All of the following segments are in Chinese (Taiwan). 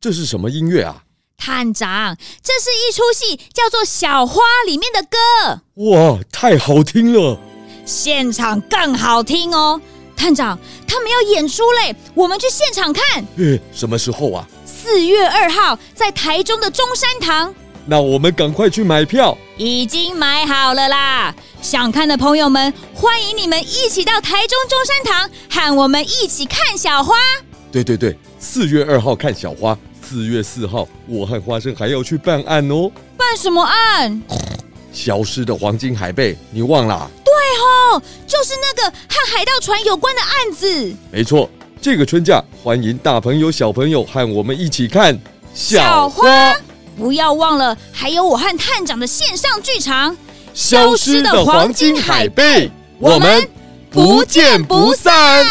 這是什麼音樂啊，探長？這是一齣戲，叫做《小花》裡面的歌。哇，太好聽了！現場更好聽哦，探長。他們要演出嘞，我們去現場看。嗯，什麼時候啊？四月二號，在台中的中山堂。那我們趕快去買票。已經買好了啦，想看的朋友們，歡迎你們一起到台中中山堂，和我們一起看《小花》。對對對。四月二號看小花，四月四號我和花生還要去辦案哦。辦什麼案？消失的黃金海貝，你忘了啊？對哦，就是那個和海盜船有關的案子。沒錯，這個春假歡迎大朋友小朋友和我們一起看小花，小花。不要忘了，還有我和探長的線上劇場《消失的黃金海貝》，我們不見不散。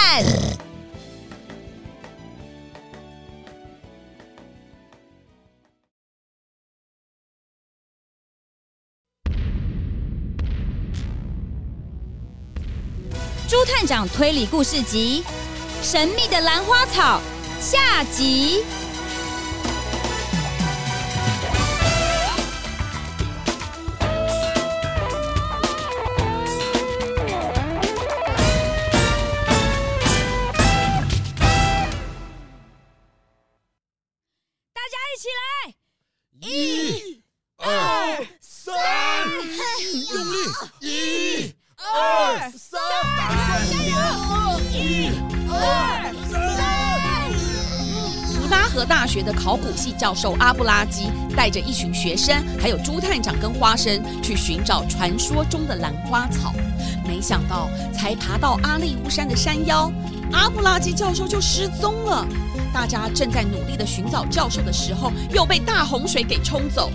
豬探長推理故事集：神秘的蘭花草下集。大家一起來！一、嗯。學的考古系教授阿布拉基帶着一群學生，還有豬探長跟花生去尋找傳說中的蘭花草，沒想到才爬到阿力烏山的山腰，阿布拉基教授就失蹤了。大家正在努力地尋找教授的時候，又被大洪水給沖走。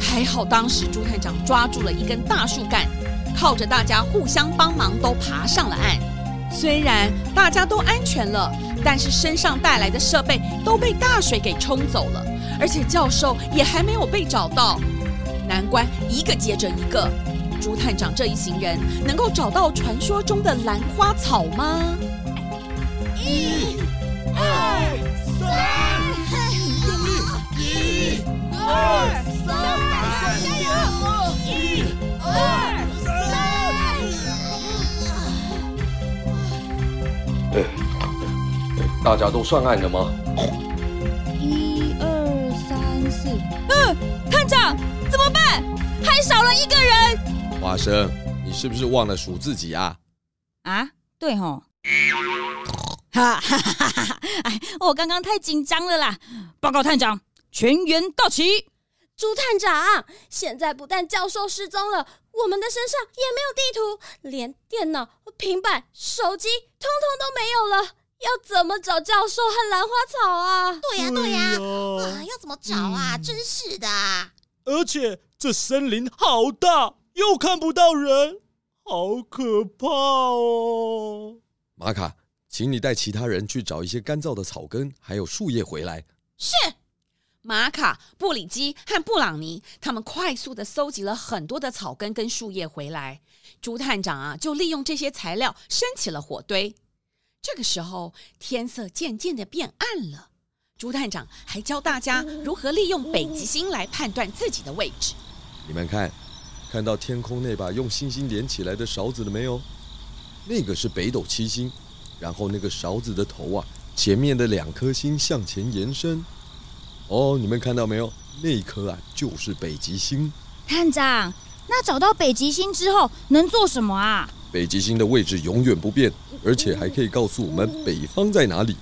還好當時豬探長抓住了一根大樹幹，靠着大家互相幫忙都爬上了岸。雖然大家都安全了。但是身上帶來的設備都被大水給沖走了，而且教授也還沒有被找到，難關一個接着一個。豬探長這一行人能夠找到傳說中的蘭花草嗎？一、二、三、一、二、三,三、加油！一、二、三。大家都上岸了嗎？哦、一二三四，嗯，探長，怎麼辦？還少了一個人。花生，你是不是忘了數自己啊？啊，對吼、哦。哈哈哈哈哈哈！哎，我剛剛太緊張了啦。報告探長，全員到齊。豬探長，現在不但教授失蹤了，我們的身上也沒有地圖，連電腦、平板、手機，通通都沒有了。要怎麼找教授和蘭花草啊？對呀、啊，對呀、啊啊，啊，要怎麼找啊？嗯、真是的、啊！而且這森林好大，又看不到人，好可怕哦！瑪卡，請你帶其他人去找一些乾燥的草根還有樹葉回來。是，瑪卡、布里基和布朗尼他們快速的收集了很多的草根跟樹葉回來。豬探長啊，就利用這些材料升起了火堆。這個時候，天色漸漸的變暗了。豬探長還教大家如何利用北極星來判斷自己的位置。你們看，看到天空那把用星星連起來的勺子了沒有？那個是北斗七星，然後那個勺子的頭啊，前面的兩顆星向前延伸。哦，你們看到沒有？那顆啊，就是北極星。探長，那找到北極星之後能做什麼啊？北極星的位置永遠不變，而且還可以告訴我們北方在哪裡。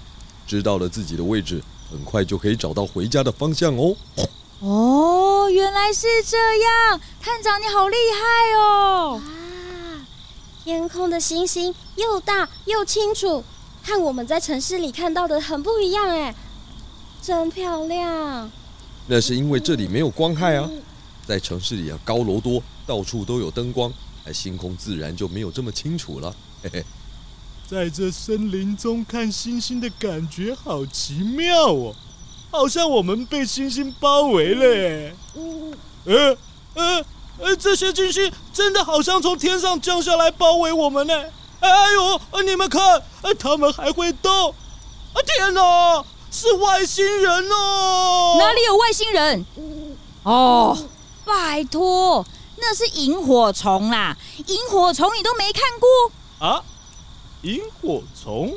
知道了自己的位置，很快就可以找到回家的方向哦。哦，原來是這樣，探長你好厲害哦！啊，天空的星星又大又清楚，和我們在城市裡看到的很不一樣哎，真漂亮。那是因為這裡沒有光害啊，嗯、在城市裡啊，高樓多，到處都有燈光。星空自然就沒有這麼清楚了。嘿嘿，在這森林中看星星的感覺好奇妙哦，好像我們被星星包圍了。嗯，呃，呃，這些星星真的好像從天上降下來包圍我們呢哎。哎呦，你們看，他們還會動。天哪，是外星人哦！哪裡有外星人？哦，拜託。那是螢火蟲啦，螢火蟲你都沒看過啊？螢火蟲，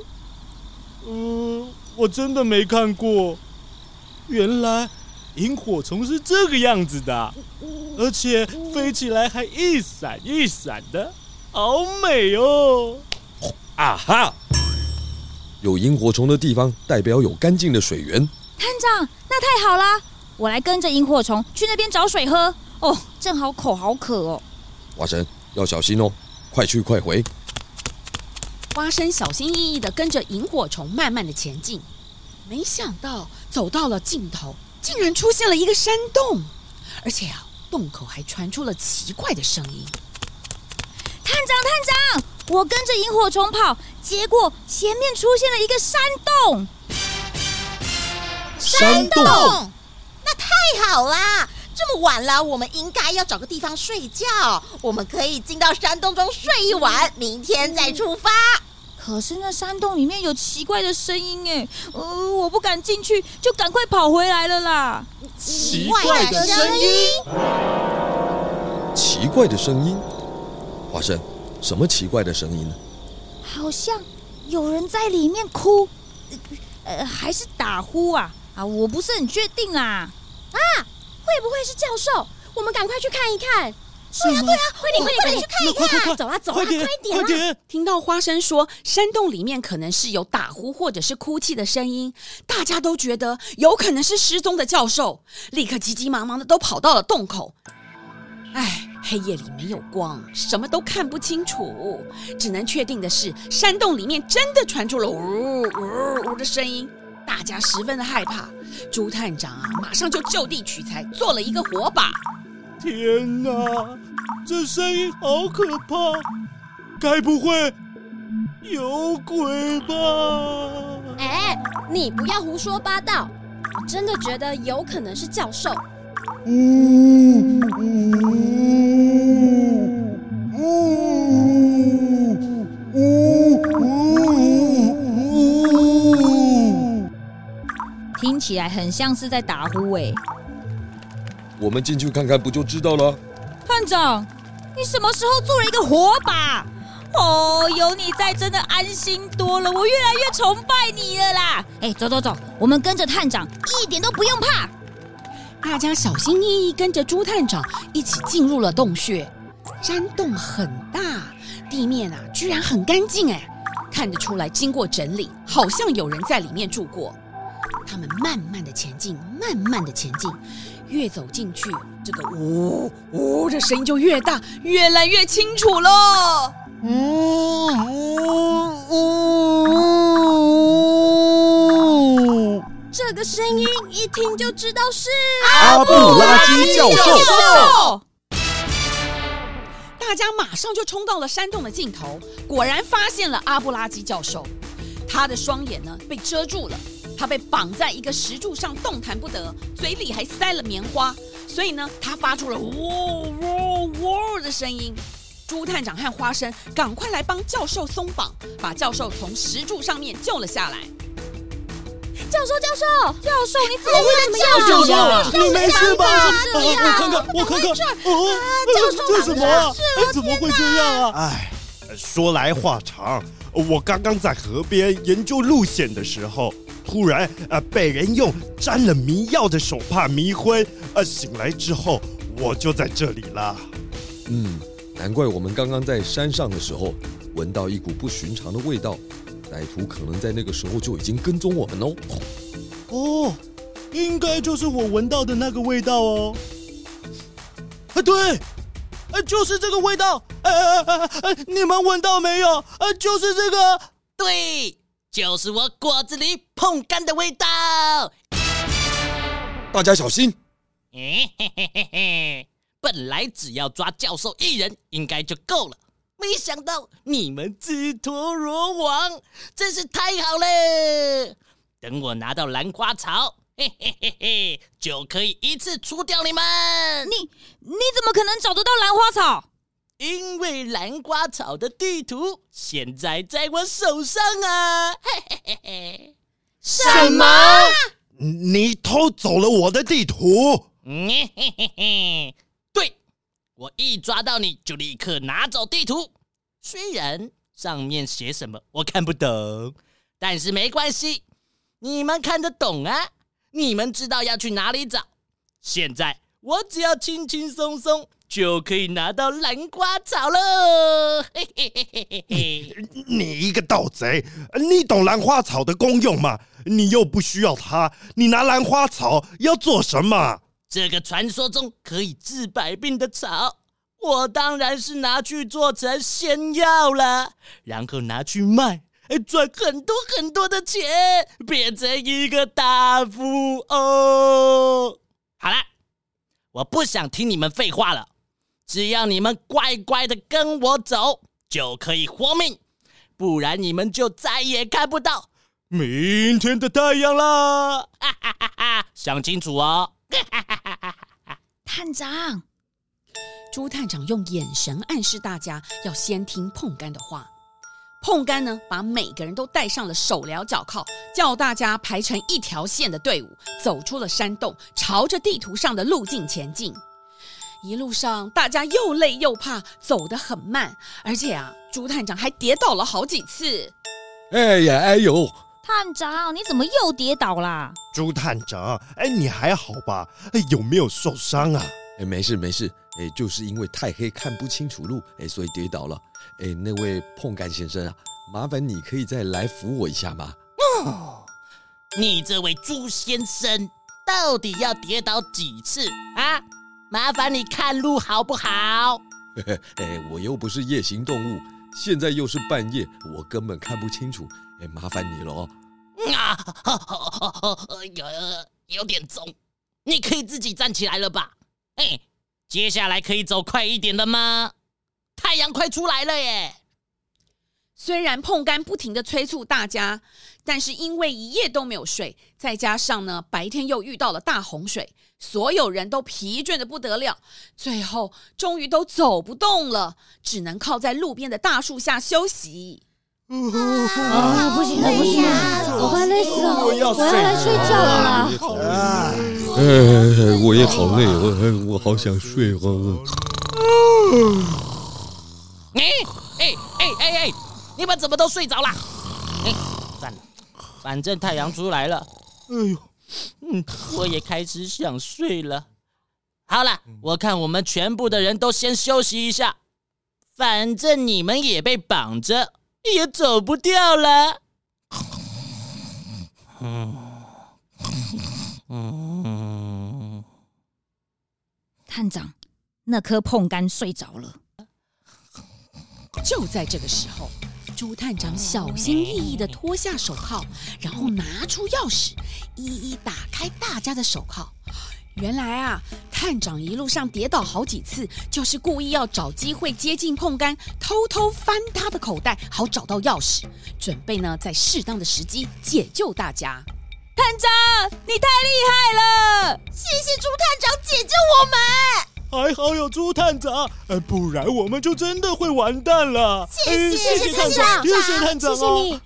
嗯、呃，我真的沒看過。原來螢火蟲是這個樣子的，而且飛起來還一閃一閃的，好美哦！啊哈，有螢火蟲的地方代表有乾淨的水源。探長，那太好了，我來跟着螢火蟲去那邊找水喝。哦，正好口好渴哦。花生要小心哦，快去快回。花生小心翼翼的跟着螢火蟲慢慢的前進，沒想到走到了盡頭，竟然出現了一個山洞，而且啊，洞口還傳出了奇怪的聲音。探長，探長，我跟着螢火蟲跑，結果前面出現了一個山洞。山洞，山洞那太好啦！這麼晚了，我們應該要找個地方睡覺。我們可以進到山洞中睡一晚，明天再出發。嗯、可是那山洞裡面有奇怪的聲音，哎、呃，我不敢進去，就趕快跑回來了啦。奇怪的聲音？奇怪的聲音？啊、聲音花生，什麼奇怪的聲音呢？好像有人在裡面哭，呃，呃還是打呼啊？啊，我不是很確定啊啊！會不會是教授？我們趕快去看一看！對呀，對呀、啊啊啊啊，快點，快點，快點去看一看！走啊！走啊！快，快，快，快點，快點、啊，快點！聽到花生說山洞裡面可能是有打呼或者是哭泣的聲音，大家都覺得有可能是失蹤的教授，立刻急急忙忙的都跑到了洞口。哎，黑夜裡沒有光，什麼都看不清楚，只能確定的是山洞裡面真的傳出了嗚嗚嗚的聲音，大家十分的害怕。豬探長啊，馬上就就地取材做了一個火把。天哪，這聲音好可怕，該不會有鬼吧？哎，你不要胡說八道，我真的覺得有可能是教授。嗯嗯嗯聽起來很像是在打呼誒。我們進去看看不就知道了。探長，你什麼時候做了一個火把？哦，有你在真的安心多了，我越來越崇拜你了啦！哎、欸，走走走，我們跟着探長，一點都不用怕。大家小心翼翼跟着豬探長一起進入了洞穴。山洞很大，地面啊居然很乾淨誒。看得出來經過整理，好像有人在裡面住過。他們慢慢的前進，慢慢的前進，越走進去，這個嗚嗚，嗚，這聲音就越大，越來越清楚了、嗯。嗚嗚嗚，這個聲音一聽就知道是阿布拉基教授，阿布拉基教授，教授。大家馬上就衝到了山洞的盡頭，果然發現了阿布拉基教授，他的雙眼呢被遮住了。他被綁在一個石柱上，動彈不得，嘴裡還塞了棉花，所以呢，他發出了喔喔喔的聲音。朱探長和花生趕快來幫教授鬆綁，把教授從石柱上面救了下來。教授，教授，教授，你、欸、會怎麼這樣教授有有，你沒事吧？我看看、呃，我看看，啊、呃呃，教授，這什麼，、呃這什麼呃、怎麼會這樣啊？哎，說來話長，我剛剛在河邊研究路線的時候。突然、呃，被人用沾了迷藥的手帕迷昏、呃，醒來之後我就在這裡了。嗯，難怪我們剛剛在山上的時候聞到一股不尋常的味道，歹徒可能在那個時候就已經跟蹤我們哦。哦，應該就是我聞到的那個味道哦。啊，對，啊、就是這個味道。哎哎哎，你們聞到沒有？啊、就是這個。對。就是我果子狸碰干的味道。大家小心！嘿嘿嘿嘿嘿，本來只要抓教授一人應該就夠了，沒想到你們自投羅網，真是太好了。等我拿到蘭花草，嘿嘿嘿嘿，就可以一次除掉你們。你你怎麼可能找得到蘭花草？因為蘭花草的地圖現在在我手上啊，嘿嘿嘿嘿，什！什麼？你偷走了我的地圖？嘿、嗯、嘿嘿嘿！對，我一抓到你就立刻拿走地圖。雖然上面寫什麼我看不懂，但是沒關係，你們看得懂啊！你們知道要去哪裡找。現在我只要輕輕鬆鬆。就可以拿到蘭花草咯，嘿嘿嘿嘿嘿嘿。你一個盜賊，你懂蘭花草的功用嗎？你又不需要它，你拿蘭花草要做什麼？這個傳說中可以治百病的草，我當然是拿去做成仙藥了，然後拿去賣，賺很多很多的錢，變成一個大富翁。好啦，我不想聽你們廢話了。只要你們乖乖地跟我走，就可以活命；不然你們就再也看不到明天的太陽啦。哈哈哈哈，想清楚啊，哈哈哈哈哈哈，探長！豬探長用眼神暗示大家要先聽碰桿的話。碰桿呢，把每個人都戴上了手鐐腳銬，叫大家排成一條線的隊伍，走出了山洞，朝着地圖上的路徑前進。一路上，大家又累又怕，走得很慢，而且啊，朱探長還跌倒了好幾次。哎呀，哎呦！探長，你怎麼又跌倒啦？朱探長，哎，你還好吧？哎，有沒有受傷啊？哎，沒事沒事，哎，就是因為太黑，看不清楚路，哎，所以跌倒了。哎，那位碰桿先生啊，麻煩你可以再來扶我一下嗎？哦，你這位朱先生到底要跌倒幾次啊？麻煩你看路好不好？嘿嘿，我又不是夜行動物，現在又是半夜，我根本看不清楚。麻煩你了哦。啊， 有有，有點重，你可以自己站起來了吧？接下來可以走快一點了嗎？太陽快出來了耶！雖然碰干不停地催促大家。但是因為一夜都沒有睡，再加上呢，白天又遇到了大洪水，所有人都疲倦得不得了，最後終於都走不動了，只能靠在路邊的大樹下休息。啊啊啊、不行，啊、不行、啊不行啊，我快累死了，我要來睡覺了。我也好累，啊、我累我，我好想睡。你，哎哎哎哎，你們怎麼都睡着了？哎反正太陽出來了，哎呦，嗯，我也開始想睡了。好了，我看我們全部的人都先休息一下，反正你們也被綁着，也走不掉了。嗯嗯，探長，那顆碰杆睡着了。就在這個時候。豬探長小心翼翼地脫下手銬，然後拿出鑰匙，一一打開大家的手銬。原來啊，探長一路上跌倒好幾次，就是故意要找機會接近控乾，偷偷翻他的口袋，好找到鑰匙，準備呢，在適當的時機解救大家。探長，你太厲害了！謝謝豬探長解救我們。還好有豬探長，不然我們就真的會完蛋了。謝謝、哎、謝謝探長，謝謝探長，謝謝探長哦，謝謝你！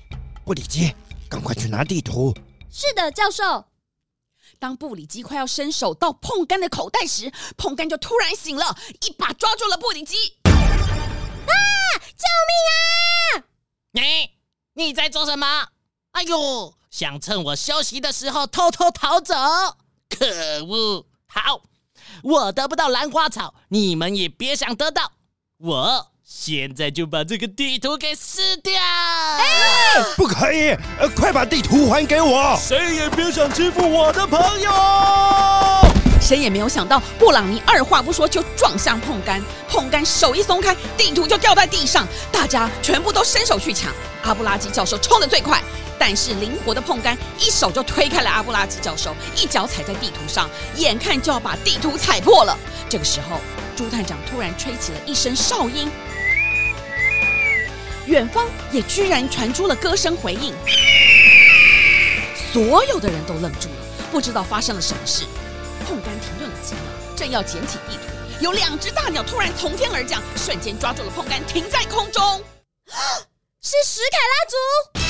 布里基，趕快去拿地圖。是的，教授。當布里基快要伸手到碰竿的口袋時，碰竿就突然醒了，一把抓住了布里基。啊！救命啊！你你在做什麼？哎呦，想趁我休息的時候偷偷逃走？可惡！好。我得不到蘭花草，你們也別想得到！我現在就把這個地圖給撕掉！哎，不可以！呃，快把地圖還給我！誰也別想欺負我的朋友！誰也沒有想到，布朗尼二話不說就撞向碰杆，碰杆手一鬆開，地圖就掉在地上，大家全部都伸手去搶。阿布拉基教授衝的最快，但是靈活的碰杆一手就推開了阿布拉基教授，一腳踩在地圖上，眼看就要把地圖踩破了。這個時候，豬探長突然吹起了一聲哨音，遠方也居然傳出了歌聲回應，所有的人都愣住了，不知道發生了什麼事。碰桿停頓了幾秒，正要撿起地圖，有兩隻大鳥突然從天而降，瞬間抓住了碰桿，停在空中。是史卡拉族！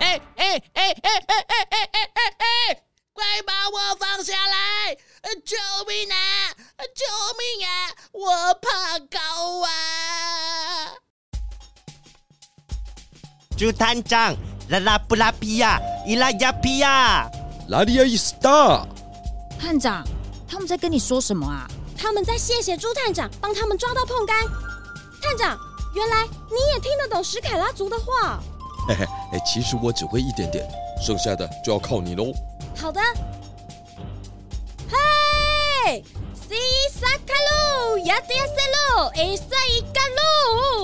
哎哎哎哎哎哎哎哎哎！快把我放下來！救命啊！救命啊！我怕高啊！豬探長，拉拉布拉皮亞，伊拉亞皮亞，拉里亞伊斯塔。探長，他們在跟你說什麼啊？他們在謝謝豬探長幫他們抓到碰杆。探長，原來你也聽得懂史凱拉族的話。嘿嘿，哎，其實我只會一點點，剩下的就要靠你嘍。好的。嘿、hey，西薩卡路，亞迪亞賽羅，埃塞伊卡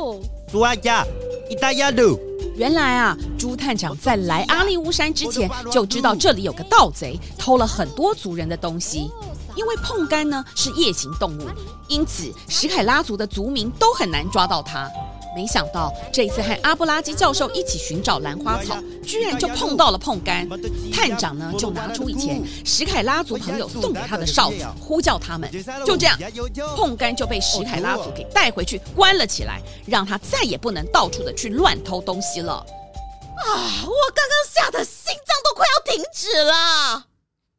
路，蘇阿加，伊達亞路。原來啊，豬探長在來阿力烏山之前就知道這裡有個盜賊，偷了很多族人的東西。因為碰干呢是夜行動物，因此史凱拉族的族民都很難抓到他。沒想到這一次和阿布拉基教授一起尋找蘭花草，居然就碰到了碰干。探長呢就拿出以前史凱拉族朋友送給他的哨子，呼叫他們。就這樣，碰干就被史凱拉族給帶回去關了起來，讓他再也不能到處的去亂偷東西了。啊！我剛剛嚇得心臟都快要停止了。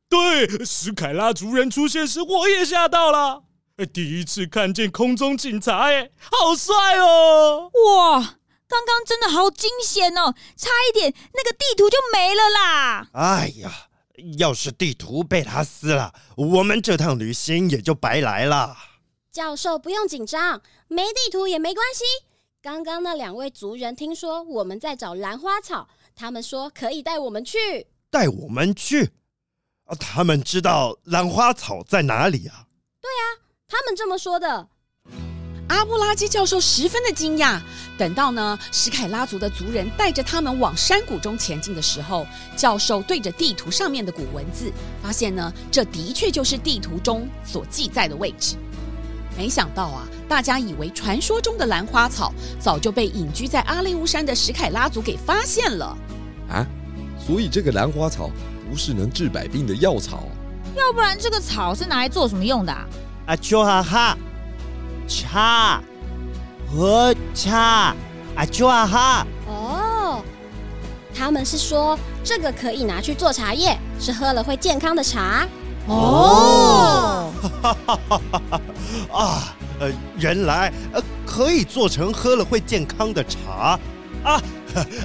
對，史凱拉族人出現時，我也嚇到了。第一次看見空中警察，誒，好帥哦！哇，剛剛真的好驚險哦，差一點那個地圖就沒了啦！哎呀，要是地圖被他撕了，我們這趟旅行也就白來了。教授，不用緊張，沒地圖也沒關係。剛剛那兩位族人聽說我們在找蘭花草，他們說可以帶我們去，帶我們去啊！他們知道蘭花草在哪裡啊？對啊。他們這麼說的。阿布拉基教授十分的驚訝。等到呢，史凱拉族的族人帶着他們往山谷中前進的時候，教授對着地圖上面的古文字，發現呢，這的確就是地圖中所記載的位置。沒想到啊，大家以為傳說中的蘭花草，早就被隱居在阿力烏山的史凱拉族給發現了。啊？所以這個蘭花草不是能治百病的藥草？要不然這個草是拿來做什麼用的啊？啊！啊秋哈哈，茶，喝茶！啊！啊秋哈哈，哦，他們是說這個可以拿去做茶葉，是喝了會健康的茶。哦，哈哈哈哈哈哈！啊，呃，原來呃可以做成喝了會健康的茶啊，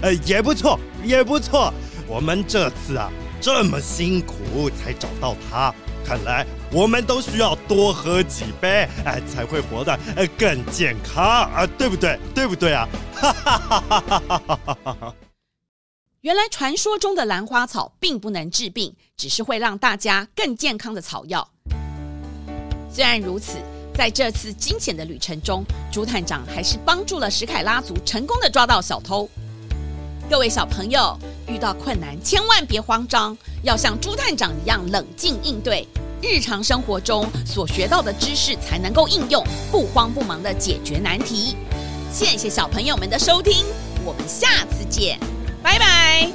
呃也不錯，也不錯。我們這次啊這麼辛苦才找到它。看來我們都需要多喝幾杯，哎，才會活得更健康啊，對不對？對不對啊？哈哈哈哈哈！哈，原來傳說中的蘭花草並不能治病，只是會讓大家更健康的草藥。雖然如此，在這次驚險的旅程中，豬探長還是幫助了史凱拉族，成功地抓到小偷。各位小朋友，遇到困難千萬別慌張。要像豬探長一樣冷靜應對，日常生活中所學到的知識才能夠應用，不慌不忙地解決難題。謝謝小朋友們的收聽，我們下次見，拜拜。